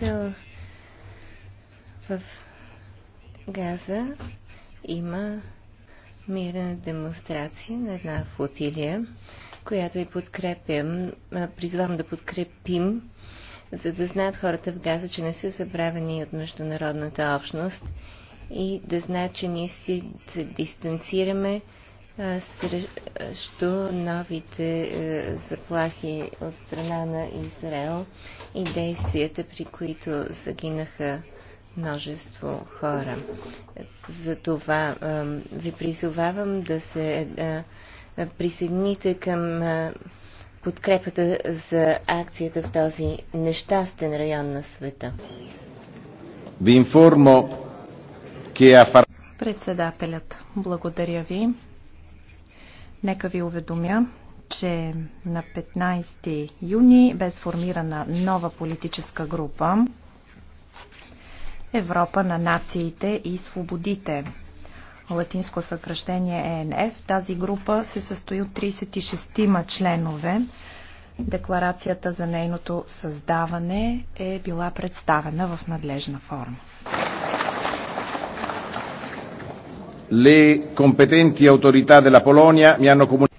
председател. В Газа има мирна демонстрация на една флотилия, която и подкрепям, призвам да подкрепим, за да знаят хората в Газа, че не са забравени от международната общност и да знаят, че ние си се дистанцираме срещу новите заплахи от страна на Израел и действията, при които загинаха множество хора. За това ви призовавам да се присъедините към подкрепата за акцията в този нещастен район на света. Председателят, благодаря ви. Нека ви уведомя, че на 15 юни бе сформирана нова политическа група Европа на нациите и свободите. Латинско съкръщение ЕНФ. Тази група се състои от 36 членове. Декларацията за нейното създаване е била представена в надлежна форма. Le competenti autorità della Polonia mi hanno comunicato